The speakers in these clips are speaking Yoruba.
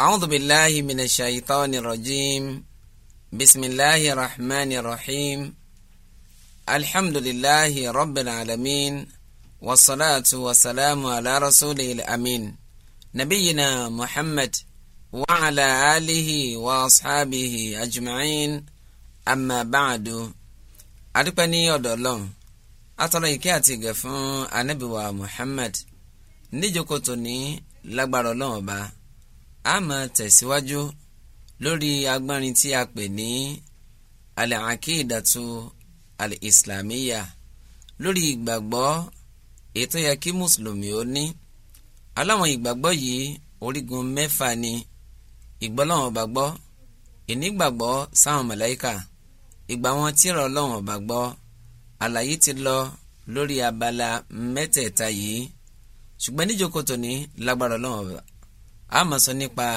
أعوذ بالله من الشيطان الرجيم بسم الله الرحمن الرحيم الحمد لله رب العالمين والصلاة والسلام على رسوله الأمين نبينا محمد وعلى آله وأصحابه أجمعين أما بعد أدقني أدولون أترى إكياتي غفون أنبي ومحمد نجوكتني لغبار الله a máa tẹ̀síwájú lórí agbárin tí a pè ní al-aqidatu al-islamiyya lórí ìgbàgbọ́ ètò yẹ kí mùsùlùmí ó ní aláwọn ìgbàgbọ́ yìí orígun mẹ́fà ni ìgbọ́láwọn bá gbọ́ ìnígbàgbọ́ sáwọn màláíkà ìgbà wọn tírà Ọlọ́hun bá gbọ́ àlàyé ti lọ lórí abala mẹ́tẹ̀ẹ̀ta yìí ṣùgbọ́n níjókòtò ní lágbára Ọlọ́hun a máa sọ nípa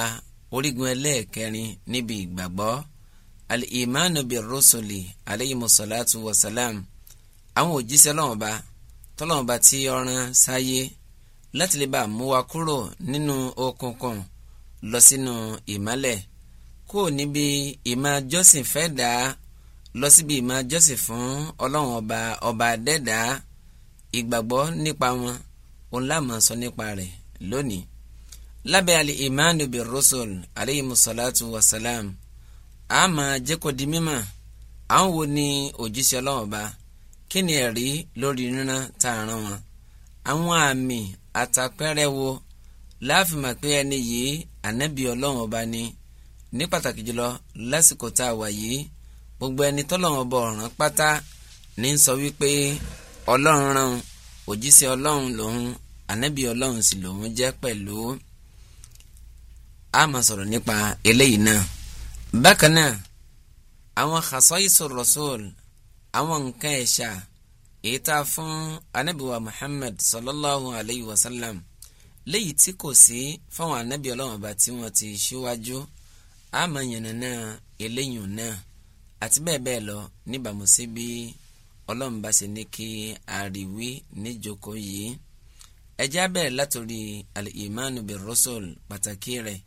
orígun ẹlẹ́ẹ̀kẹrin níbi ìgbàgbọ́ al-imanu bir-rusuli alayhimu wa salam àwọn òjíṣẹ́ lọ́wọ́n ba tọ́lọ́wọ́n ba tí ọ̀ràn sáyé láti lè bá mú wa kúrò nínú òkùnkùn lọ sínú ìmọ́lẹ̀ kó o níbi ìmọ̀ jọ́sìn fẹ́ dà á lọ síbi ìmọ̀ jọ́sìn fún ọlọ́run ọba ọba dẹ́dà á ìgbàgbọ́ nípa wọn òun láàmú sọ nípa rẹ̀ lónìí lábẹ́ àlè imanu bi rusul aleyhi musalatu wa salam a máa jẹ́ kó di mímọ̀ àwọn wo ni òjíṣẹ́ ọlọ́wọ́n bá kí ni ẹ̀rí lórí nínú tá a rán wọn àwọn àmì àtàpẹ́rẹ́ wo láàfin mà pé ẹni yìí ànábì ọlọ́wọ́n bá ní ní pàtàkì jùlọ lásìkò tá a wà yìí gbogbo ẹni tọ́lọ́wọ́n bọ̀ ọ̀ràn pátá ní sọ wípé ọlọ́run rán òjíṣẹ́ ọlọ́run lòun ànábì ọlọ́run sì lòun jẹ́ pẹ̀lú a máa sọ̀rọ̀ nípa eléyìí náà bákan náà àwọn khasaisu rasul àwọn nǹkan ẹ̀ṣà èyí tá a fún anábìwá Muhammad sallallahu alayhi wa sallam léyìí tí kò sí fáwọn anábì ọlọ́wọ́n bá tí wọ́n ti ṣíwájú àmọ̀yànnà náà eléyìn náà àti bẹ́ẹ̀ bẹ́ẹ̀ lọ níbàámu sí bí ọlọ́run bá ṣe ní kí àríwí níjókòó yìí ẹjẹ́ abẹ́rẹ́ látòrí al-imanu bir pàtàkì rẹ̀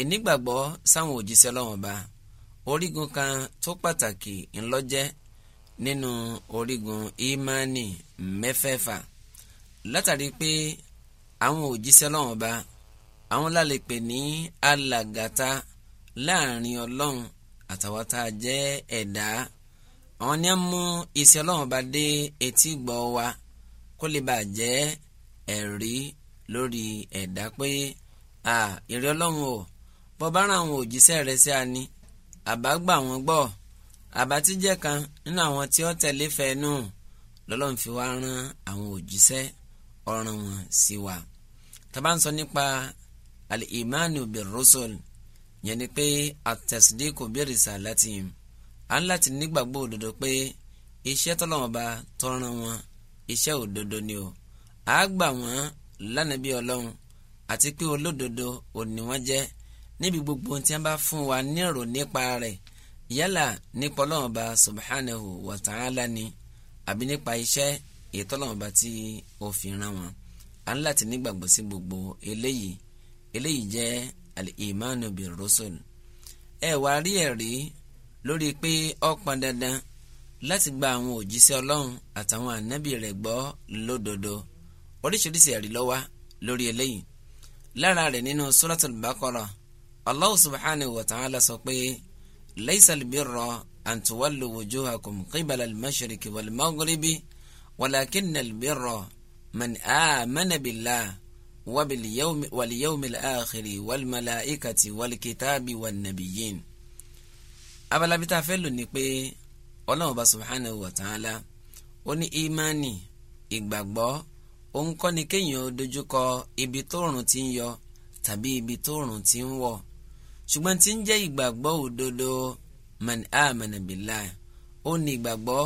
ìnígbàgbọ́ sáwọn òjíṣẹ́ Ọlọ́run Ọba orígun kan tó pàtàkì ńlọ́jẹ́ nínú orígun ìmánì mẹ́fẹ̀ẹ̀fà látàrí pé àwọn òjíṣẹ́ Ọlọ́run Ọba àwọn la lè pè ní alàgàtà láàrin Ọlọ́run àtàwọn tá a jẹ́ ẹ̀dá àwọn ni a mú iṣẹ́ Ọlọ́run Ọba dé etí gbọ́ wa kó lè bàa jẹ́ ẹ̀rí lórí ẹ̀dá pé à Ọlọ́run o bọ́bá rán àwọn òjíṣẹ́ rẹ̀ sí àní àbá gbà wọ́n gbọ́ àbá tí jẹ́ kan nínú àwọn tí ó tẹ̀lé fẹ́ẹ́nù lọ́lọ́run fi wá rán àwọn òjíṣẹ́ ọ̀ràn wọn sí wa tá bá ń sọ nípa al-imanu bir-rusul yẹn ni pé at-tasdiqu bi-risalatihim à ń láti nígbàgbọ́ òdodo pé iṣẹ́ tọ́lọ́wọ́n tọ́ran wọn iṣẹ́ òdodo ni o àá gbà wọ́n lánàá bí ọlọ́run àti pé olódodo òní wọ́n jẹ́ níbi gbogbo tí wọ́n bá fún wa ní nípa rẹ̀ yálà nípa Ọlọ́run subhanahu wa ta'ala ni àbí nípa iṣẹ́ ètò Ọlọ́run Ọba tí ó fi rán wọn à ń láti nígbàgbọ́ sí gbogbo eléyìí eléyìí jẹ́ al-imanu bir rusul ẹ wá rí ẹ̀rí lórí pé ó pọn dandan láti gba àwọn òjíṣẹ́ Ọlọ́run àtàwọn ànábì rẹ̀ gbọ́ lódodo oríṣiríṣi ẹ̀rí ló lórí eléyìí lára rẹ̀ nínú Suratul Baqarah allah subhanahu wa ta'ala sọ pé laysal birra an tuwallu wujuhakum qibala al-mashriqi wal-maghribi walakinnal birra man amana billah wàlíyàwòmìlì àkìrì wàlmàláìkàtì wàlìkìtàbí wànàbìyìn. abalabi tá a fẹ́ lò ní pé ọlọ́run bá subhanahu wa ta'ala ó ní ìmánì ìgbàgbọ́ òun kọ́ ni kéèyàn dojúkọ ibi tóòrùn ti ń yọ tàbí ibi tóòrùn ti ń wọ̀ ṣùgbọ́n tí ń jẹ́ ìgbàgbọ́ òdodo man amana billah ó ní ìgbàgbọ́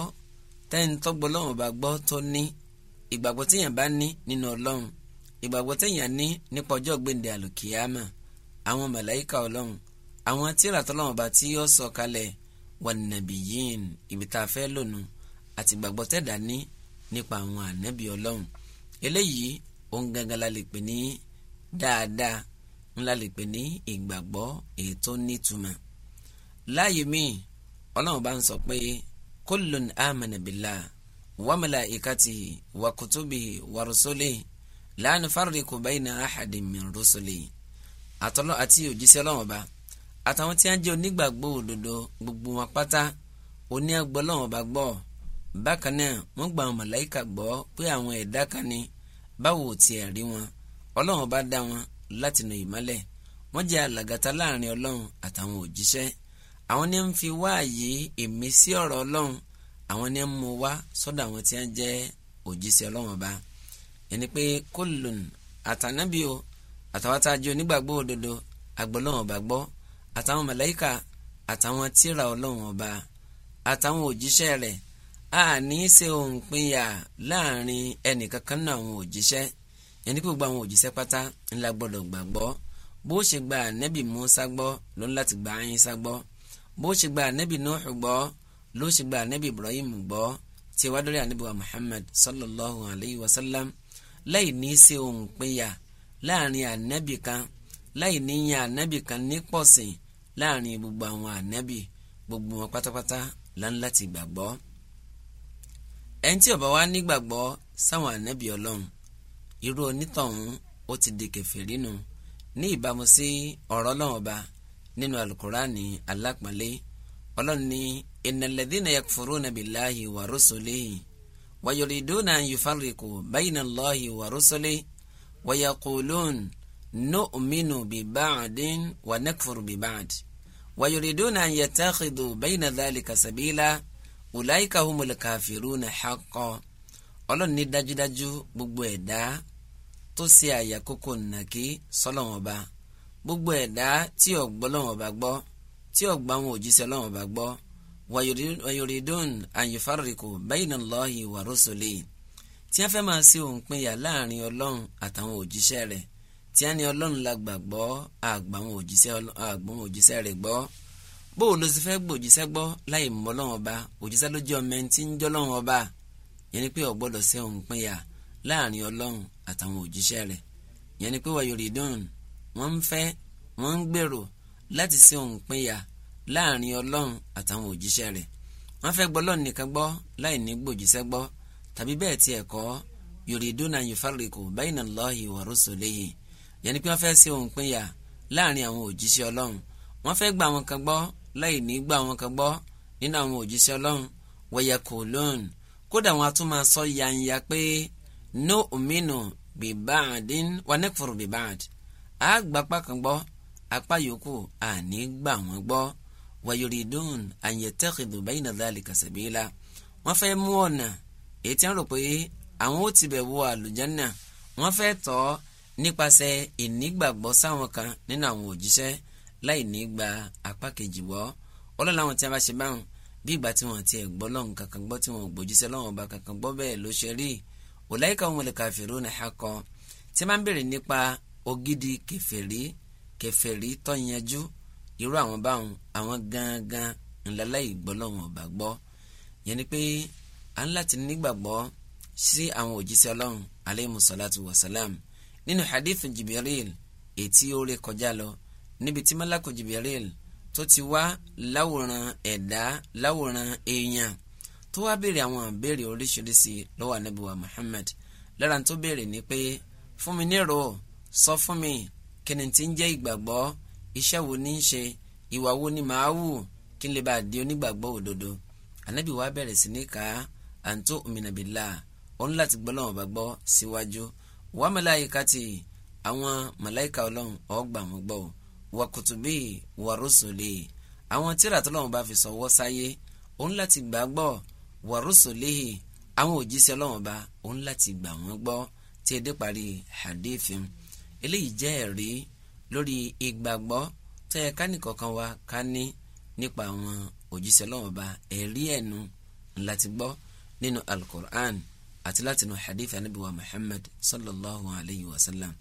tẹ́ni tọ́gbọ́ lọ́wọ́n bá gbọ́ tó ní ìgbàgbọ́ téèyàn bá ní nínú ọlọ́run ìgbàgbọ́ téèyàn ní nípa ọjọ́ gbèǹde àlùkìyàmà àwọn màláìka ọlọ́run àwọn tíra tọ́lọ́wọ́n bá tí ó sọ kalẹ̀ wan nabiyyin ibi tá a fẹ́ lónù àti ìgbàgbọ́ tẹ̀dá ní nípa àwọn ànábì ọlọ́run eléyìí òun gangan la lè pè ní dáadáa ńlá lè pè ní ìgbàgbọ́ ètò nítumọ̀ láàyè míì ọlọ́run bá ń sọ pé kullun amana billah wa malaikatihi wa kutubihi wa rusulihi la nufarriqu bayna ahadin min rusulihi àtọ́lọ́ àti òjíṣẹ́ ọlọ́run ọba àtàwọn tí wọ́n jẹ́ onígbàgbọ́ òdodo gbogbo wọn pátá oní ọlọ́run ọba gbọ́ bákan náà wọ́n gba àwọn màláìka gbọ́ pé àwọn ẹ̀dá kan ni báwo tiẹ̀ rí wọn ọlọ́run ọba dá wọn láti nù ìmọ́lẹ̀ wọ́n jẹ́ alàgàtà láàrin ọlọ́run àtàwọn òjíṣẹ́ àwọn ní ń fi wáàyè ìmísí ọ̀rọ̀ ọlọ́run àwọn ní ń mú wá sọ́dọ̀ àwọn tí wọ́n jẹ́ òjíṣẹ́ ọlọ́run ọba ẹni pé kólùn àtànábì o àtàwọn àtàjọ onígbàgbọ́ òdodo àgbọ̀lọ́run ọba gbọ́ àtàwọn màláíkà àtàwọn tírà ọlọ́run ọba àtàwọn òjíṣẹ́ rẹ̀ àní ṣe òǹpinya láàrin ẹnìkankan náà àwọn òjíṣẹ́ yẹn ní kí gbogbo àwọn òjíṣẹ́ pátá ńlá gbọ́dọ̀ gbàgbọ́ bó ṣe gba ànẹ́bì Musa gbọ́ ló ń láti gba Ìsá gbọ́ bó ṣe gba ànẹ́bì Nuhu gbọ́ ló ṣe gba ànẹ́bì Ibrahim gbọ́ tí wàá dọ́rẹ́ ànẹ́bì wa Muhammad sallallahu alayhi wa sallam láì ní í ṣe òǹpinya láàrin ànẹ́bì kan láì ní yan ànẹ́bì kan ní pọ̀sìn láàrin gbogbo àwọn ànẹ́bì gbogbo wọn pátápátá láńláti gbàgbọ́ ẹni tí ó bá wà nígbàgbọ́ sáwọn ànẹ́bì Ọlọ́run irú onítọ̀hún ó ti di kèfèrí nù ní ìbámu sí ọ̀rọ̀ Ọlọ́run ọba nínú alukuraani alápọ̀nlé Ọlọ́run ní ìnàlẹ́dínà yakfuruna billahi wà rusulihi wàyọ̀rìdúnà yufarriqu bayna Allahi wà rusulihi wàyàkùlùn nu'minu biba'din wà nakfuru biba'd wàyọ̀rìdúnà yatakhidhu bayna dhalika sabila ulaika humul kafiruna haqqan Ọlọ́run ní dájúdájú gbogbo ẹ̀dá tó ṣe àyàkókò nàkí sọ́lọ́wọ́n ọba gbogbo ẹ̀dá tí ò gbọ́ lọ́wọ́n ọba gbọ́ tí ò gbọ́ àwọn òjíṣẹ́ lọ́wọ́n ọba gbọ́ wàyòrìdún àyùfárìkò bẹ́yìnà lọ́ọ̀hì wà rọ́sọ̀lẹ̀ tí a fẹ́ máa ṣe òǹpinya láàrin ọlọ́run àtàwọn òjíṣẹ́ rẹ̀ tí a ní ọlọ́run la gbàgbọ́ àgbà àwọn òjíṣẹ́ rẹ̀ gbọ́ bóun ló ti láàrin ọlọ́run àtàwọn òjíṣẹ́ rẹ̀ yẹn ni pé wọ́n yòrì dùn wọ́n ń fẹ́ wọ́n ń gbèrò láti ṣe òǹpinya láàrin ọlọ́run àtàwọn òjíṣẹ́ rẹ̀ wọ́n fẹ́ gbọ́ lọ́run nìkan gbọ́ láì ní gbòjíṣẹ́ gbọ́ tàbí bẹ́ẹ̀ tiẹ̀ kọ́ yòrì dùn náà yóò fárikù bayna Allahi wa rusulihi yẹn ni pé wọ́n fẹ́ ṣe òǹpinya láàrin àwọn òjíṣẹ́ ọlọ́run wọ́n fẹ́ gbà wọn kan gbọ́ láì ní gbà wọn kan gbọ́ nínú àwọn òjíṣẹ́ nu'minu bi ba'din wa nakfuru bi ba'd a gba apá kan gbọ́ apá yòókù àní gbà wọ́n gbọ́ wa yuridun an yattakhidhu bayna dhalika sabila wọ́n fẹ́ mú ọ̀nà èyí tí wọ́n rò pé àwọn ó ti bẹ̀ wọ àlùjánà wọ́n fẹ́ tọ́ nípasẹ̀ ìnígbàgbọ́ sáwọn kan nínú àwọn òjíṣẹ́ láì ní apá kejì gbọ́ ọlọ́run àwọn tí a bá ṣe báwọn bí ìgbà tí wọ́n ti gbọ́ lọ́hùn kankan gbọ́ tí wọ́n gbòjíṣẹ́ lọ́hùn ọba kankan gbọ́ bẹ́ẹ̀ ló ṣe rí i ọ̀làyíká wọn lè kàfẹ́rù ní ẹ̀kọ́ tí máa ń bèrè nípa ògidì kẹfẹ́rí kẹfẹ́rí tọ́yanjú irú àwọn báwọn àwọn gangan ńlẹ́lá ìgbọ́lọ́wọ̀n ọ̀bà gbọ́ yẹn ni pé à ń láti nígbàgbọ́ sí àwọn òjíṣẹ́ ọlọ́run aleyhi salatu wa salam nínú hadith Jibril ètí ó ré kọjá lọ níbi tí malako Jibril tó ti wá láwòrán ẹ̀dá láwòrán èèyàn tó wá béèrè àwọn àbẹ̀rẹ̀ oríṣiríṣi lọ́wọ́ anábìwá Muhammad lára tó béèrè ni pé fún mi nírò sọ fún mi kí ni ti ń jẹ́ ìgbàgbọ́ iṣẹ́ wo ní í ṣe ìwà wo ni màá wù kí n lè bá di onígbàgbọ́ òdodo anábìwá bẹ̀rẹ̀ sí ní ká àǹtó òmìnàbílà òun láti gbọ́ lọ́wọ́ bá gbọ́ síwájú wà màláyíká ti àwọn màláyíká ọlọ́run ọgbà wọn gbọ́ wà kùtùbí wà rọ́sọ̀lẹ̀ àwọn tíra tó lọ́wọ́ bá fi sọ̀wọ́ sáyé òun láti gbàgbọ́ wa rusulihi àwọn òjíṣẹ́ Ọlọ́run ọba òun láti gbà wọ́n gbọ́ tí ẹ dé parí hadithi eléyìí jẹ́ ẹ̀rí lórí ìgbàgbọ́ tẹ́ ẹ ká nìkọ̀ọ̀kan wa ká ní nípa àwọn òjíṣẹ́ Ọlọ́run ọba ẹ̀rí ẹ̀nu láti gbọ́ nínú alukur'an àti láti nù hadith anabi wa muhammad sallallahu alayhi wa sallam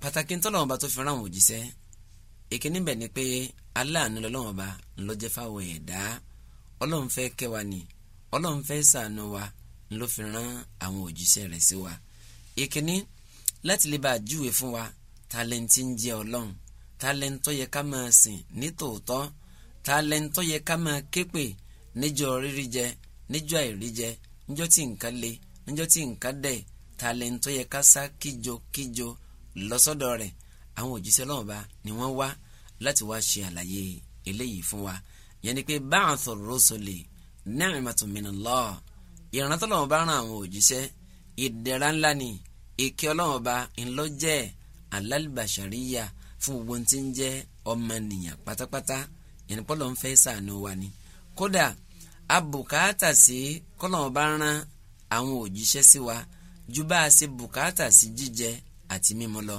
pàtàkì ntọ́lọ́wọ́n bá tó fi ráwọn òjíṣẹ́ ìkíní bẹ̀ ni pé aláàánú lọ́lọ́wọ́n bá ńlọ́jẹ́ ọlọ́run fẹ́ kẹ́ wa ni ọlọ́run fẹ́ ṣàánú wa ló fi rán àwọn òjíṣẹ́ rẹ̀ sí wa ìkíní láti lè bá a júwe fún wa tálẹ́ǹtì ń jẹ́ ọlọ́run tálẹ́ǹtọ́ yẹ ká máa sìn nítòótọ́ tálẹ́ǹtọ́ yẹ ká máa képè níjọ́ rírí jẹ níjọ́ àìrí jẹ níjọ́ tí nǹkan le níjọ́ tí nǹkan dẹ̀ tálẹ́ǹtọ́ yẹ ká sá kíjo kíjo lọ́sọ́dọ̀ rẹ̀ àwọn òjíṣẹ́ ọlọ́run bá ni wọ́n wá láti wá ṣe àlàyé eléyìí fún Wa yẹn ni pé ba'athu rusuli ni'matun minallah ìrànlọ́wọ́ tó lọ́wọ́ bá ràn àwọn òjíṣẹ́ ìdẹ̀ra ńlá ni ìkẹ́ ọlọ́wọ́ bá ńlọ́jẹ́ alálìbàṣàríyà fún gbogbo tí ń jẹ́ ọmọnìyàn pátápátá yẹn ni pọ́lọ́ ń fẹ́ ṣàánú wa ni kódà abùkátà sí kọ́lọ́wọ́ bá ràn àwọn òjíṣẹ́ sí wa ju bá a ṣe bùkátà sí jíjẹ àti mímu lọ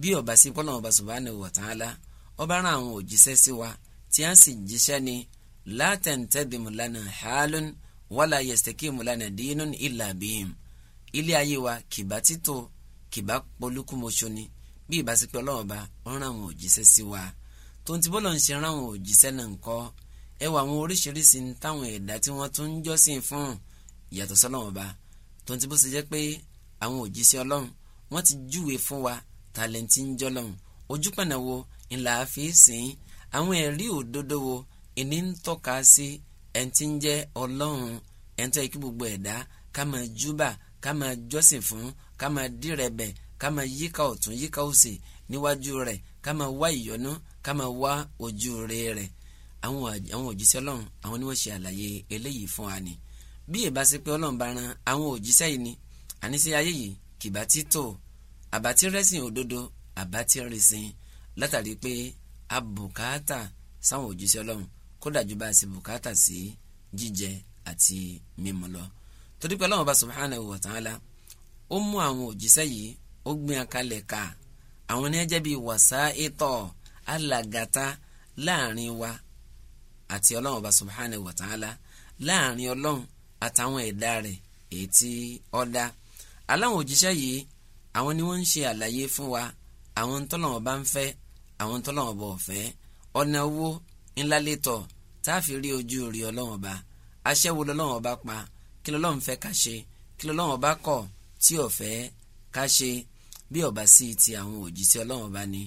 bí ọba sí pọ́lọ́wọ́ bá subhanahu wa ta'ala ọba ràn àwọn òjíṣẹ́ sí wa tí a sì jíṣẹ́ ni látẹ̀ǹtẹ̀dìmù lánàá hàálùn wàlà yẹ̀sítẹ́kìmù lánàá dínú ìlà bíyìm ilé ayé wa kìbá títò kìbá polúkúmoṣo ni bí ìbáṣepẹ̀ ọlọ́wọ́ bá ń ràn wọn òjíṣẹ́ sí wa tó ń ti bọ́lọ̀ ń ṣe ràn wọn òjíṣẹ́ náà ń kọ́ ẹ wà àwọn oríṣiríṣi ń táwọn ẹ̀dá tí wọ́n tún ń jọ́sìn fún yàtọ̀ sọ́lọ́wọ́ bá tó ń ti bó ṣe jẹ́ pé àwọn òjíṣẹ́ ọlọ́run wọ́n ti júwe fún wa tàlẹ́ǹtì ń jọ́lọ́run ojúpọ̀nà wo ńlá fi sìn ín àwọn ẹ̀rí òdodo wo ìní ń tọ́ka sí ẹni tí ń jẹ́ ọlọ́run ẹni tó yẹ kí gbogbo ẹ̀dá ká máa júbà ká máa jọ́sìn fún ká máa dírẹ̀bẹ̀ ká máa yíká ọ̀tún yíká òsì níwájú rẹ̀ ká máa wá ìyọ́nú ká máa wá ojú rere rẹ̀ àwọn òjíṣẹ́ ọlọ́run àwọn ni wọ́n ṣe àlàyé eléyìí fún wa ni bí ìbá ṣe pé ọlọ́run bá ran àwọn òjíṣẹ́ yìí ni àníṣe ayé yìí kìbá ti tò àbátí rẹ́sìn òdodo àbátí rẹ́sìn látàrí pé abukata sáwọn òjíṣẹ́ ọlọ́run kódà ju bá a ṣe bùkátà sí jíjẹ àti mímu lọ torí pé ọlọ́run bá subhanahu wa ta'ala ó mú àwọn òjíṣẹ́ yìí ó gbìn akalẹ̀ ká àwọn ní ẹjẹ́ bíi wàsá ìtọ̀ alàgàtà láàrin wa àti ọlọ́run bá subhanahu wa ta'ala láàrin ọlọ́run àtàwọn ẹ̀dá rẹ̀ èyí tí ó dá aláwọn òjíṣẹ́ yìí àwọn ni wọ́n ń ṣe àlàyé fún wa àwọn tọ́lọ́run bá ń fẹ́ àwọn tọ́lọ́wọ́n bọ̀ fẹ́ ọ̀nà owó ńlá létọ̀ tá a fi rí ojú rí ọlọ́wọ́n bá aṣẹ́wó lọ́wọ́n bá pa kí lọ́wọ́n fẹ́ ká ṣe kí lọ́wọ́n bá kọ̀ tí ò fẹ́ ká ṣe bí ọba sí ti àwọn òjíṣẹ́ ọlọ́wọ́n bá ní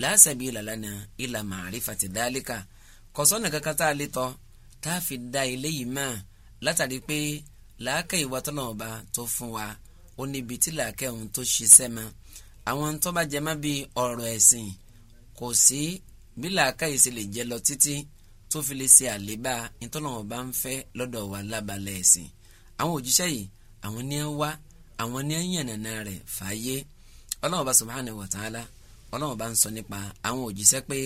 làásàbí ìlàlánà ìlà màrífàtì dálíkà kọ̀sọ́nà kankan tá a lè tọ́ tá a fi da ilé yìí mọ́ látàrí pé làákà ìwà tọ́lọ́wọ́n bá tó fún wa ó níbi tí làákà òun tó ṣiṣẹ́ mọ́ àwọn tó bá jẹ mọ́ bíi ọ̀rọ̀ ẹ̀sìn kò sí bí làákàyè ṣe lè jẹ lọ títí tó fi lè ṣe àlébá ìtọ́lọ́wọ́n bá ń fẹ́ lọ́dọ̀ wa lábalẹ̀ ẹ̀sìn àwọn òjíṣẹ́ yìí àwọn ní ń wá àwọn ní ń yànnàna rẹ̀ fàáyé Ọlọ́hun bá subhanahu wa ń sọ nípa àwọn òjíṣẹ́ pé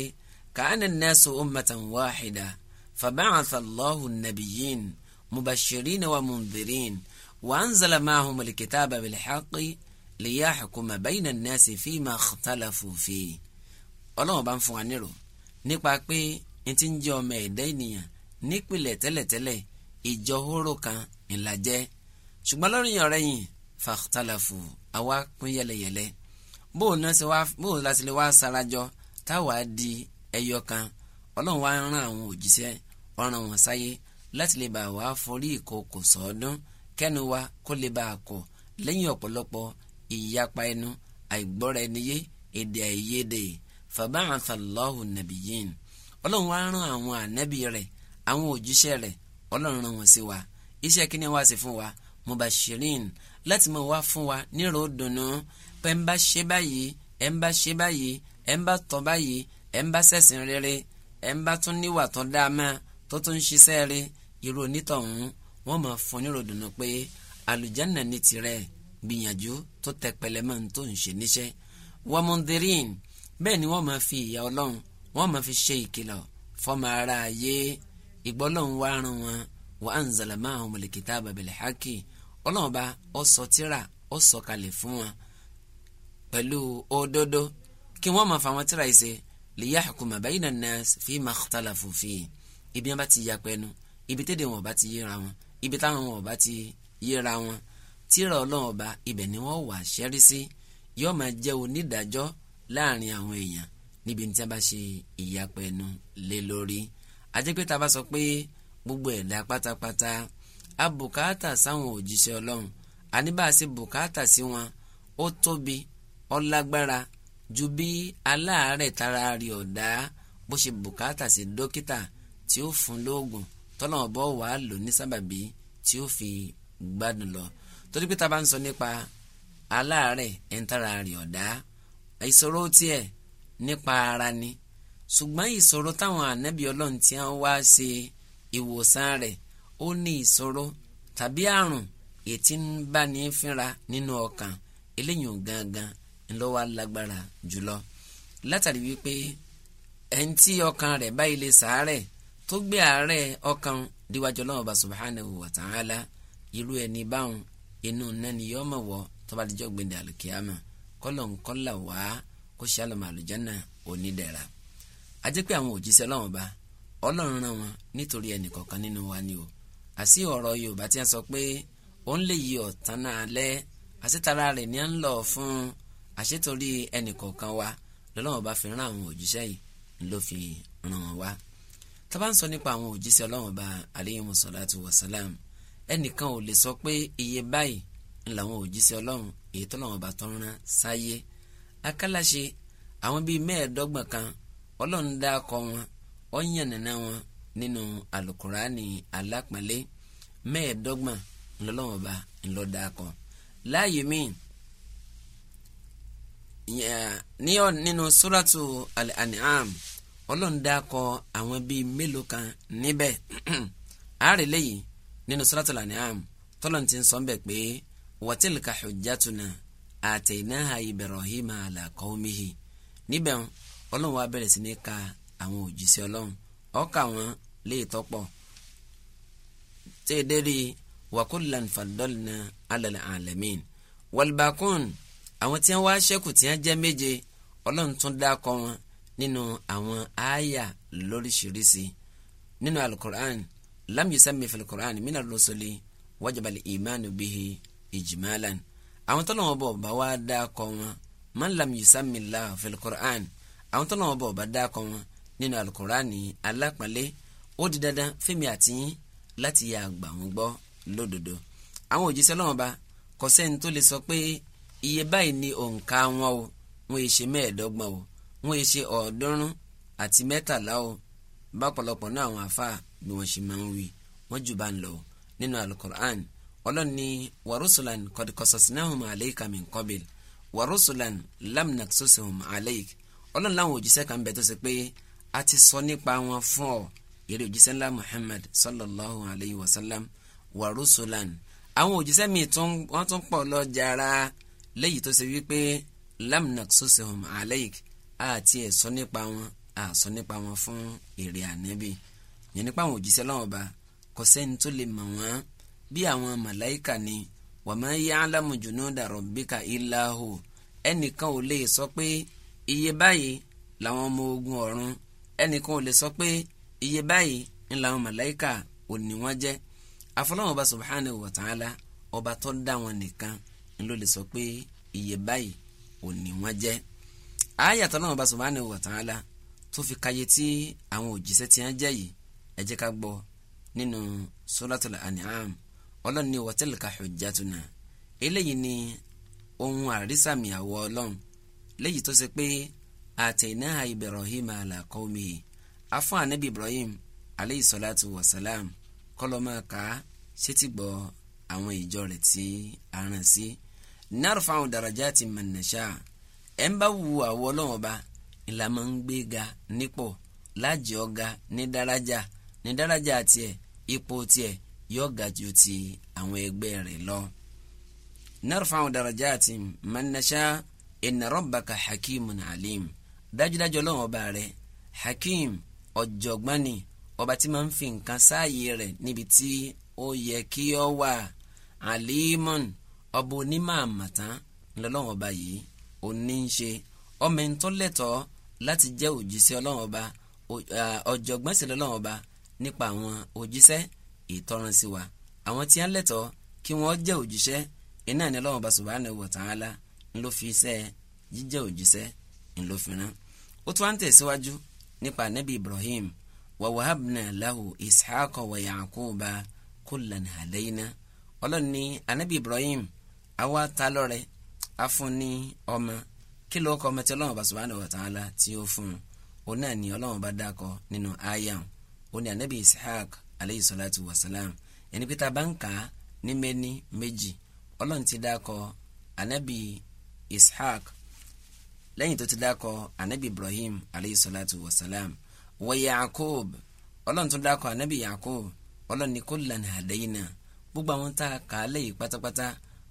kana an-nasu ummatan wahida faba'atha Allahu an-nabiyyin mubashirina wa mundhirin wa anzala ma'ahum al-kitaba bil-haqqi liyahkuma bayna an-nasi fima ikhtalafu fihi ọlọ́run bá ń fún wa nírò nípa pé n ti ń jẹ́ ọmọ ẹ̀dá ènìyàn nípìnlẹ̀ tẹ́lẹ̀tẹ́lẹ̀ ìjọ hóró kan ńlá jẹ́ ṣùgbọ́n lórí ọ̀rẹ́ yìí fàtàlàfù àwa pín yẹlẹyẹlẹ bóun náà sì lè wá sarajọ táwa di ẹyọ kan ọlọ́run wá ń àwọn òjíṣẹ́ ọ̀ràn wọn sáyé láti lè bá wa forí ìkòkò sọ́ọ́dún kẹ́nu wa kó lè bá a kọ̀ lẹ́yìn ọ̀pọ̀lọpọ̀ ìyapa ẹnu àìgbọ́ra ẹniyé èdè àìyedè fàbáhàtà lọ́hùn nàbìyìn ọlọ́run wá rán àwọn ànábì rẹ̀ àwọn òjíṣẹ́ rẹ̀ ọlọ́run rán wọn sí wa iṣẹ́ kí ni wá sí fún wa mubashirin láti mọ̀ wá fún wa nírò dùnú pé ń bá ṣe báyìí ẹ̀ ń bá ṣe báyìí ẹ̀ ń bá tọ́ báyìí ẹ̀ ń bá ṣẹ̀sìn rere ẹ̀ ń bá tún níwà tó dáa máa tó tún ṣiṣẹ́ rẹ̀ irú onítọ̀hún wọ́n máa fún nírò dùnú pé àlùjánnà ní tirẹ̀ gbìyànjú tó tẹpẹlẹ máa ń tó ń ṣe níṣẹ́ wàmúndírín bẹ́ẹ̀ ni wọ́n máa fi ìyà ọlọ́run wọ́n máa fi ṣe ìkìlọ̀ fọ́mọ ara ayé ìgbọ́lọ́run wá rán wọn wa anzala ma'ahumul kitaba bil haqqi ọlọ́run bá ọ sọ tíra ọ sọ kalẹ̀ fún wọn pẹ̀lú òdodo kí wọ́n máa fa wọn tíra yìí ṣe liyahkuma bayna an-nas fima ikhtalafu fi ibi wọn bá ti ya pẹ́nu ibi tẹ́lẹ̀ wọn bá ti yíra wọn ibi táwọn wọn bá ti yíra wọn tíra ọlọ́run ọba ibẹ̀ ni wọ́n wà ṣẹ́rí sí yóò máa jẹ́ onídàájọ́ láàrin àwọn èèyàn níbi tí a bá ṣe ìyapọ̀ ẹnu lé lórí àti pé tá a bá sọ pé gbogbo ẹ̀dá pátápátá a bùkátà sáwọn òjíṣẹ́ ọlọ́run àníbàṣe bùkátà sí wọn ó tóbi ó lágbára ju bí aláàárẹ̀ tara rẹ̀ ọ̀dá bó ṣe bùkátà sí dókítà tí ó fún lóògùn tọ́nà ọ̀bọ wàá lò ní sábàbí tí ó fi gbádùn lọ torí pé tá bá ń sọ nípa aláàárẹ̀ ẹ̀ ń tara rẹ̀ ọ̀dá ìṣòro tiẹ̀ nípa ara ni ṣùgbọ́n ìṣòro táwọn ànábì ọlọ́run tí wọ́n wá ṣe ìwòsàn rẹ̀ ó ní ìṣòro tàbí àrùn ètí ń bá ní fínra nínú ọkàn eléyìí gangan ńlọ́wọ́ lágbára jùlọ látàrí wípé ẹni tí ọkàn rẹ̀ báyìí lè sàárẹ̀ tó gbé àárẹ̀ ọkàn díwájú ọlọ́run ọba subhanahu wa ta'ala irú ẹni báwọn inú náà ni yọ́ọ́ mọ̀ wọ́ gbẹ̀dẹ̀ àlùkìyàmọ̀ kọ́lọ̀nkọ́là wá kó ṣàlọ́mọ àlùjánà onídẹ̀ra ajẹ́ pé àwọn òjíṣẹ́ ọlọ́run ọba ọlọ́run rán wọn nítorí ẹnìkọ̀ọ̀kan nínú wa ni o àsí ọ̀rọ̀ yorùbá tí a sọ pé ó ń lè yí ọ̀tán náà lẹ́ àṣetara rẹ̀ ni à ń lọ fún àṣetorí ẹnìkọ̀ọ̀kan wa lọ́lọ́run ọba fi rán àwọn òjíṣẹ́ yìí ló fi ràn wá tá ń sọ nípa àwọn òjíṣẹ́ ọlọ́run ọba alayhi salatu wa salam ẹnìkan ò lè sọ pé iye báyìí ń làwọn òjíṣẹ́ ọlọ́run èyí tó lọ́wọ́ bá tán rán sáyé akálàṣe àwọn bíi mẹ́ẹ̀ẹ́dọ́gbọ̀n kan ọlọ́run dá akọ wọn ọ̀yàn nàná wọn nínú alukurani alápọ̀nlé mẹ́ẹ̀ẹ́dọ́gbọ̀n ńlọ́lọ́wọ́ bá ńlọ́ dá akọ láàyè míì ní ọ nínú suratu al-an'am ọlọ́run dá akọ àwọn bíi mélòó kan níbẹ̀ àárẹ̀ lẹ́yìn nínú suratu al-an'am tọ́lọ́n ti ń sọ ń bẹ̀ pé wọ́tílìkà hujjatuna àtẹ̀yìnáhà ibrahima ala qawmihi níbẹ̀ ọlọ́run wa bẹ̀rẹ̀ sí ní ka àwọn òjíṣẹ́ ọlọ́run ọkà wọn léè tọ́pọ̀ tẹ́ẹ̀dẹ́rì wa kullan faddalna ala alamin walbakun àwọn tí wọ́n wá ṣẹ́kù tí wọ́n jẹ́ méje ọlọ́run tún dákọ̀ wọn nínú àwọn àyà lóríṣiríṣi nínú alukur'an lam yusammi fil qur'an mina rusuli wajabal imanu bihi ijimalan, àwọn tó lọ́wọ́ bọ̀ bá wá dá kọ́ wọn man lam yusamillah fil Qur'an àwọn tó lọ́wọ́ bọ̀ bá dá kọ́ wọn nínú alukur'ani alápọ̀nlé ó di dandan fẹ́mi àtìyín láti yà àgbà wọn gbọ́ lódodo àwọn òjíṣẹ́ lọ́wọ́ bá kò sẹ́ni tó lè sọ pé iye báyìí ni òǹkà wọn o wọn yìí ṣe mẹ́ẹ̀ẹ́dọ́gbọ̀n o wọn yìí ṣe ọ̀ọ́dúnrún àti mẹ́tàlá o bá pọ̀lọpọ̀ náà àwọn àfa bí wọ́n ṣe máa ń wí wọ́n jù bá ń lọ nínú alukur'an ọlọ́run ní warusulan kọ́díkọ́sọ́sìnáhùn àlẹ́yìká min kọ́bìl warusulan lamnaksosohùn àlẹ́yìk ọlọ́run láwọn òjíṣẹ́ kan bẹ tó ṣe pé a ti sọ nípa wọn fún ọ yẹrẹ òjíṣẹ́ ńlá Muhammad sallallahu alayhi wa sallam warusulan àwọn òjíṣẹ́ míì wọ́n tún pọ̀ lọ jara lẹ́yìn tó ṣe wípé lamnaksosohùn àlẹ́yìk àti ẹ̀ sọ nípa wọn àsọ nípa wọn fún èrè ànẹ́bí yẹn nípa àwọn òjíṣẹ́ láwọn ọba kò bí àwọn màláìkà ni wa ma ya'lamu junuda rabbika illa hu ẹnìkan ò lè sọ pé iye báyìí làwọn ọmọ ogun ọ̀run ẹnìkan ò lè sọ pé iye báyìí ń làwọn màláìkà ò ní wọ́n jẹ́ afọlọ́wọ́n ọba subhanahu wa ta'ala ọba tó dá wọn nìkan ń ló lè sọ pé iye báyìí ò ní wọ́n jẹ́ ayàtọ̀ náà ọba subhanahu wa ta'ala tó fi kàyé tí àwọn òjíṣẹ́ tí wọ́n jẹ́ yìí ẹ ká gbọ́ nínú suratul an'am ọlọ́run ní wọ́tẹ́lìkà hujjatuna eléyìí ni ohun àrísàmì àwọ̀ ọlọ́run léyìí tó ṣe pé àtẹ̀yìnáhà Ibrahim ala qaumi afọ́ ànábì Ibrahim aleyhi salatu wa salam kọlọ́mọ́ka ṣètìgbọ́ àwọn ìjọ rẹ̀ tí a rán sí narfa'u darajati man nasha ẹ̀ ń bá wu àwọ̀ ọlọ́run ọba ìlà ń gbé ga nípò lájẹ́ ọ̀ga ní dárájà ní dárájà tiẹ̀ ipò tiẹ̀ yóò ga ju ti àwọn ẹgbẹ́ rẹ̀ lọ. narfa'u darajati man nasha inna rabbaka alim dájúdájú ọlọ́run ọba rẹ̀ hakim ọ̀jọ̀gbọ́n ni ọba tí máa ń fi nǹkan sáàyè rẹ̀ níbi tí ó yẹ kí ó wà alimun ọba onímọ̀ àmàtán ńlọ́lọ́run ọba yìí òní ń ṣe ọmọ ẹni tó lẹ́tọ̀ọ́ láti jẹ́ òjíṣẹ́ ọlọ́run ọba ọ̀jọ̀gbọ́n sí ọba nípa àwọn òjíṣẹ́ ìtọ́ran sí wa àwọn tí wọ́n lẹ́tọ̀ọ́ kí wọ́n jẹ́ òjíṣẹ́ iná ní ọlọ́run bá subhanahu wa ta'ala ńlọ fi iṣẹ́ jíjẹ́ òjíṣẹ́ ńlọ fi rán ó tún wá ń tẹ̀síwájú nípa anabi ibrahim wa wahabna lahu ishaqa wa yaquba kullan halayna ọlọ́run ní anabi ibrahim àwa ta lọ́rẹ afún ní ọmọ kí ló kọ ọmọ tí ọlọ́run bá subhanahu wa ta'ala tí ó fún un òun náà ní ọlọ́run bá dákọ nínú ayam òun ní anabi ishaq aleyhi salatu wa salam ẹni pé tá a bá ń kà ní mẹ́ni méjì ọlọ́run ti dákọ anabi ishaq lẹ́yìn tó ti dákọ anabi ibrahim aleyhi salatu wa salam wa yaakub ọlọ́run tó dákọ anabi yaakub ọlọ́run ní kullan hadayna gbogbo àwọn tá a kà á lẹ́yìn pátápátá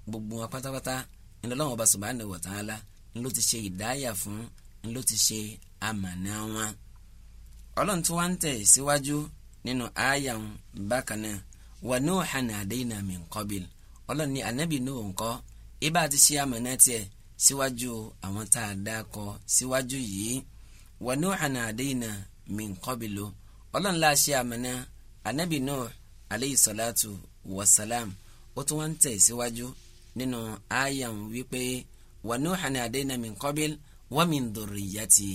gbogbo wọn pátápátá ńlọ́wọ́n ọba subhanahu wa ta'ala ńlọ ti ṣe ìdáyà fún ńlọ ti ṣe amànà wọn ọlọ́run tó wá ń tẹ̀ síwájú. Si nínú àyà ń bákan náà wà Nuhan hadayna min qabil ọlọ́run ní anabi Nuhu ńkọ́ ibà ti ṣe àmọ̀nà tiẹ̀ síwájú àwọn tá a dá kọ síwájú yìí wà Nuhan hadayna min qabilu ọlọ́run la ṣe àmọ̀nà anabi Nuhu aleyhi salatu wa salam ó tún wá tẹ̀ síwájú nínú àyà wípé wà Nuhan hadayna min qabil wa min dhurriyyati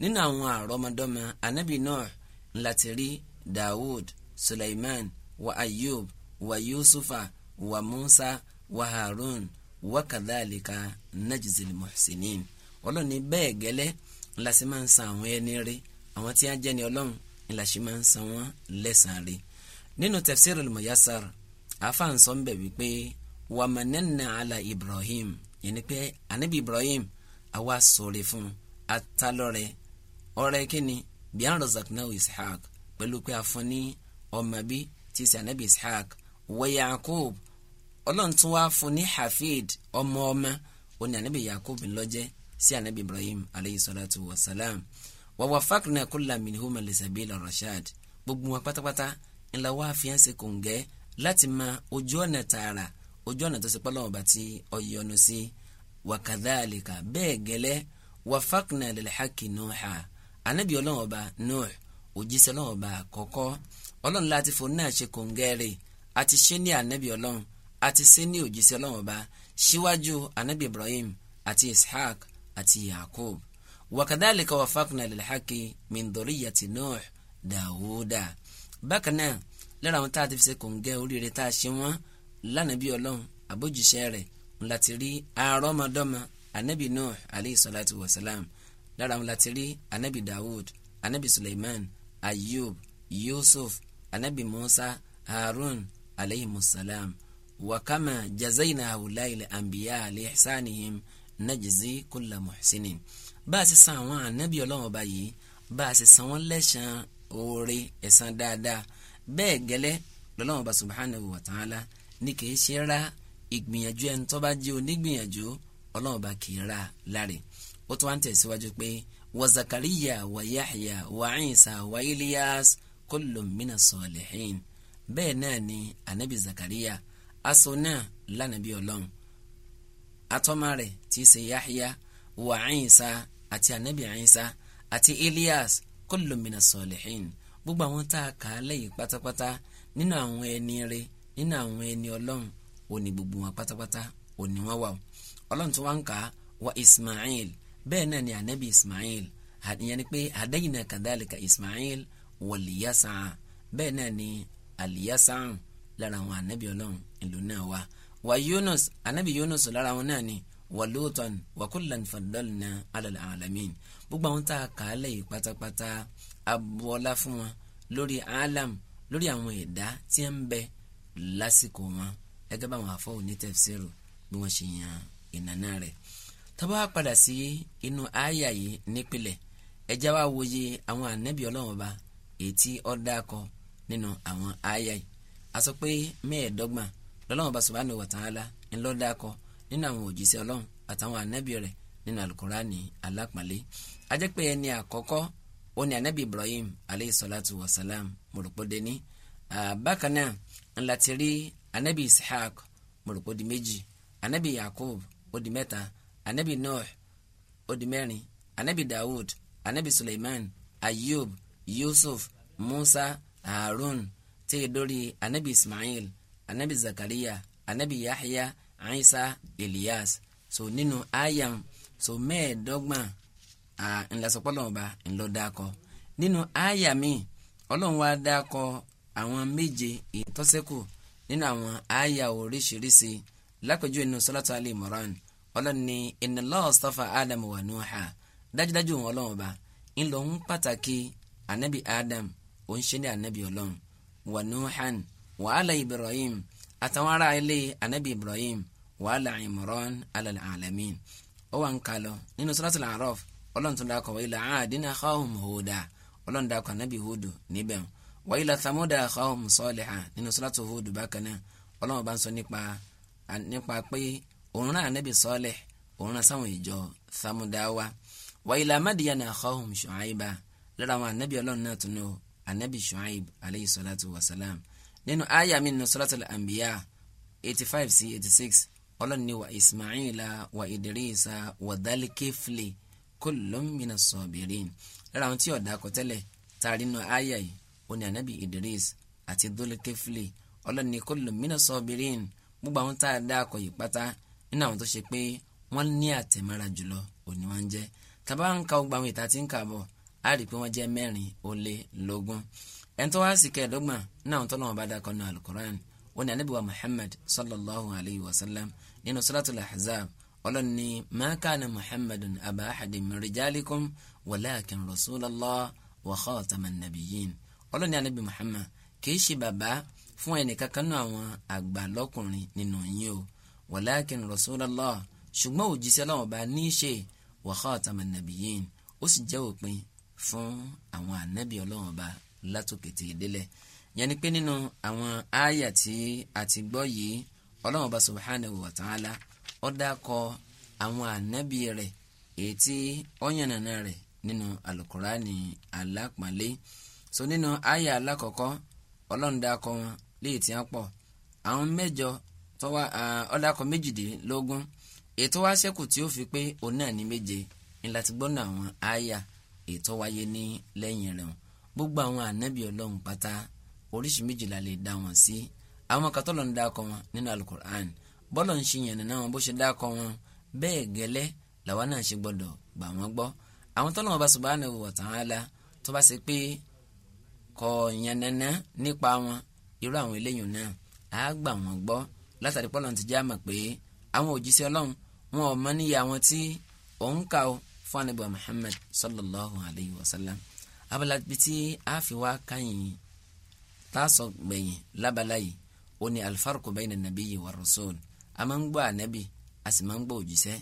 nínú àwọn àrọ́mọdọ́mọ anabi Nuhu ńlá ti dawud suleiman wa ayub wa yusufa wa musa wa harun wa kadhalika najzil muhsinin ọlọ́run ní bẹ́ẹ̀ gẹ́lẹ́ ńlá sí máa ń san àwọn ẹni rí àwọn tí a jẹ́ ni ọlọ́run ńlá sí máa ń san wọ́n lẹ́sàn-án rí nínú tafsirul muyassar àáfàá ń sọ ń bẹ̀ wípé wa mananna ala ibrahim yẹn ni pé anabi ibrahim àwa sọ̀rẹ̀ fún atalọ́rẹ̀ ọ̀rẹ́ kínní bí an razaqnahu ishaq pẹ̀lú pé a fún ní ọmọ bí tí sẹ anabi ishaq wọ yaakub ọlọ́run tún wá fún ní hafid ọmọ ọmọ oní anabi yaakub ńlọ́jẹ́ sí anabi ibrahim aleyhi salatu wa salam wàwà fákìnà kulla minhuma lisabila rashad gbogbo wọn pátápátá ńlá wá fìyà ṣe kòǹgẹ́ láti ma ojú ọ̀nà tààrà ojú ọ̀nà tó ṣe pọ́lọ́wọ́ bá ti ọ̀yọ́nu sí wàkàdáàlìkà bẹ́ẹ̀ gẹ́lẹ́ wàfákìnà lil haqqi anabi ọlọ́wọ́ bá òjíṣẹ́ náà bá àkọ́kọ́ ọlọ́run láti fún náà ṣe kòǹgẹ́rẹ́ àti ṣe ní ànábì ọlọ́run àti ṣe ní òjíṣẹ́ ọlọ́run ọba síwájú ànábì Ibrahim àti Ishaq àti Yakub wakadhalika wafakna lilhaqi min dhurriyyati Nuh Dawuda bákan náà lára àwọn tá a ti fi ṣe kòǹgẹ́ oríire tá a ṣe wọ́n lánàbí ọlọ́run àbójúṣe rẹ̀ ńlá ti rí àrọ́mọdọ́mọ anabi Nuh alayhi salatu wa salam lára wọn láti rí anabi Dawud anabi Suleiman ayub yusuf anabi musa harun alayhi musalam wakama jazayna awulayi anbiya ali ihsanihim najzi kulla muhsinin bá a ṣe san àwọn anabi ọlọ́wọ́n ọba yìí bá a ṣe san wọ́n lẹ́sàn-án oore ẹ̀san dáadáa bẹ́ẹ̀ gẹ́lẹ́ lọ́lọ́wọ́n ọba subhanahu wa ta'ala ní kìí ṣe ra ìgbìyànjú ẹni tó bá onígbìyànjú ọlọ́wọ́n ọba kìí ra láre ó tún wá ń tẹ̀síwájú pé wa zakariya wa yahya wa isa wa ilyas kullum mina salihin bẹ́ẹ̀ náà ni anabi zakariya aṣọ náà lánàbí ọlọ́run atọ́mọ rẹ̀ tí í ṣe yahya wa isa àti anabi isa àti ilyas kullum mina salihin gbogbo àwọn tá a kà á lẹ́yìn pátápátá nínú àwọn ẹni rẹ nínú àwọn ẹni ọlọ́run òní gbogbo wọn pátápátá òní wọn wà ọlọ́run tó wá ń kà á wa ismail bẹ́ẹ̀ náà ni anabi ismail ìyẹn ni pé adéyìnà kadhalika ismail wọ̀lìyàsá bẹ́ẹ̀ náà ni àlìyàsá lára àwọn anabi ọlọ́run ìlú náà wá wà yunus anabi yunus lára àwọn náà ni wà lóòtọ́n wà kullan faddalna alal alamin gbogbo àwọn tá a kà á lẹ́yìn pátápátá abọ́lá fún wọn lórí alam lórí àwọn ẹ̀dá tí ń bẹ lásìkò wọn ẹgẹ́ bá wọn àfọwọ́ ní tafsiru bí wọ́n ṣe yan ìnáná rẹ̀ tábà wá padà sí inú àyà yìí nípìlẹ̀ ẹjá wa wòye àwọn ànábì ọlọ́run ọba ètí ọ̀dà kọ nínú àwọn àyà yìí a sọ pé mẹ́ẹ̀ẹ́dọ́gbọ̀n lọ́lọ́run ọba subhanahu wa ta'ala ńlọ́dà kọ nínú àwọn òjíṣẹ́ ọlọ́run àtàwọn ànábì rẹ̀ nínú alukurani alápàlẹ́ ajẹ́pẹ́ ẹni àkọ́kọ́ ó ní ànábì Ibrahim aleyhi salatu wa salam mọ̀rọ̀pọ̀dé ní bákan náà ńlá ti rí ànábì Ishaq mọ̀rọ̀pọ̀dé Yakub ó di anabi nuh ó di mẹ́rin anabi dawud anabi suleiman ayub yusuf musa harun tí ì dórí anabi ismail anabi zakariya anabi yahya isa elias so nínú ayam so mẹ́ẹ̀ẹ́dọ́gbọ̀n ńlasọpọlọ ọba ńlọ dákọ nínú àyà mi Ọlọ́run wa dákọ àwọn méje ìtọ́sẹ́kù nínú àwọn àyà oríṣiríṣi lápẹjù inú sọ́látọ̀ alẹ́ mọ̀rán ọlọ́run ní inna Allah istafa ádámù wà Nuha dájúdájú òun ọlọ́run ọba ńlọ ń pàtàkì anabi adam òun ṣe ní anabi ọlọ́run wà Nuhan wa ala Ibrahim àtàwọn ará ilé anabi Ibrahim wa ala Imran ala alamin ó wà ń kalọ nínú suratul A'raf ọlọ́run tún dákọ̀ wa ila aadina akhahum Huda ọlọ́run dákọ̀ anabi Hudu níbẹ̀ wa ila òun rán anabi sọ́ọ̀lẹ̀ òun rán sáwọn ìjọ samudawa wa ila madiyana akhahum shu'aiba lára àwọn anabi ọlọ́run náà tún ní o anabi shu'aib aleyhi salatu wa salam nínú aya mi nínú suratul anbiya eighty five sí eighty six ọlọ́run ní wa ismaila wa idrisa wa dalikifli kullum mina sabirin àwọn tí ọ̀dà kọtẹ́lẹ̀ taari nínú aya yìí ó ní anabi idris àti dalikifli ọlọ́run ní kullum mina gbogbo àwọn tá a dá yìí pátá nínú àwọn tó ṣe pé wọ́n ní àtẹ̀mọ́ra jùlọ òní wọ́n jẹ́ tábà ń ka ọgbà àwọn ìta tí ń kà bọ̀ á rí i pé wọ́n jẹ́ mẹ́rin ó lé lógún ẹni tó wá sí kẹẹ̀ẹ́dọ́gbọ̀n nínú àwọn tọ́lọ́wọ́n bá dákọ̀ nínú alukoran wọn ni anabiwa muhammad sallallahu alayhi wa sallam nínú suratul ahzab ọlọ́ni ma kana muhammadun aba ahadin min rasulallah wa khataman nabiyyin ọlọ́ni muhammad kì í ṣe bàbá fún ẹnìkankan walakin rasulallah ṣùgbọ́n òjíṣẹ́ Ọlọ́hun bá ní í ṣe wa khataman nabiyyin ó sì jẹ́ òpin fún àwọn ànábì Ọlọ́hun bá látòkè tí ì délẹ̀ yẹn ni pé nínú àwọn àyà tí a ti gbọ́ yìí Ọlọ́hun bá subhanahu wa ta'ala ó dákọ àwọn ànábì rẹ̀ èyí tí ó yànnàna rẹ̀ nínú alukurani alápọ̀nlé so nínú àyà alákọ̀ọ́kọ́ Ọlọ́hun dákọ wọn léètì àpọ̀ àwọn mẹ́jọ tọ́wá ọ̀dàkọ̀ méjìdínlógún ètò wá ṣẹ́kù tí ó fi pé òun náà ní méje ńlá ti gbọ́nà àwọn àyà ètò wáyé ní lẹ́yìn rẹ̀ gbogbo àwọn ànábì ọlọ́run pátá oríṣi méjìlá lè dá wọn sí àwọn kan tọ́lọ̀ ń dákọ̀ wọn nínú alukur'an bọ́lọ̀ ń ṣe yànnà náà wọn bó ṣe dákọ̀ wọn bẹ́ẹ̀ gẹ́lẹ́ làwa náà ṣe gbọ́dọ̀ gbà wọ́n gbọ́ àwọn tọ́lọ̀ wọn bá subhanahu wa ta'ala tó bá ṣe pé kọ̀ yànnà nípa wọn irú àwọn eléyìí náà àá gbà wọ́n gbọ́ látàrí pọ́lọ̀ ti jẹ́ àmọ̀ pé àwọn òjíṣẹ́ ọlọ́run wọn ò mọ níyà àwọn tí òun kà ó fún anábọ̀ Muhammad sallallahu alayhi wa sallam abala tí a fi wá káyìn tásọ gbẹ̀yìn lábala yìí ó ní alifariko bayna nabiyyi wa rasul a máa ń gbọ́ ànábì a sì máa ń gbọ́ òjíṣẹ́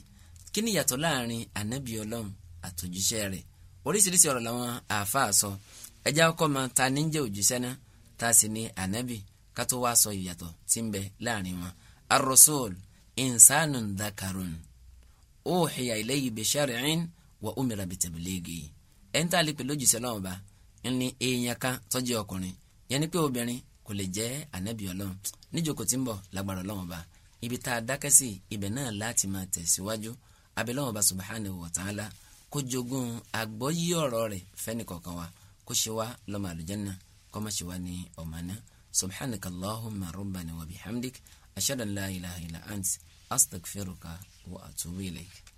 kí ni yàtọ̀ láàrin ànábì ọlọ́run àtòjíṣẹ́ rẹ̀ oríṣiríṣi ọ̀rọ̀ làwọn àáfàá sọ ẹjẹ́ ọkọ̀ máa ta ní jẹ́ òjíṣẹ́ náà ta sì ní ànábì ká tó wá sọ ìyàtọ̀ tí ń bẹ láàrin wọn ar-rasul dakarun dhakarun uhiya ilayhi bi shar'in wa umira bi tablighi ẹni tá a lè pè lójúṣẹ́ lọ́wọ́ bá ní èèyàn kan tó ọkùnrin yẹn ni pé obìnrin kò lè jẹ́ ànábì ọlọ́run níjókòó tí ń bọ̀ lágbára ọlọ́wọ́ bá ibi tá a dákẹ́ sí ibẹ̀ náà láti máa tẹ̀síwájú abẹ́lẹ́wọ̀n bá subhanahu wa ta'ala kó jogún àgbọ́yé ọ̀rọ̀ rẹ̀ fẹ́ni kọ̀ọ̀kan wa kó ṣe wá lọ́mọ àlùjánnà kó má ṣe wá ní ọ̀mọ̀ná سبحانك اللهم ربنا وبحمدك أشهد أن لا إله إلا أنت أستغفرك وأتوب إليك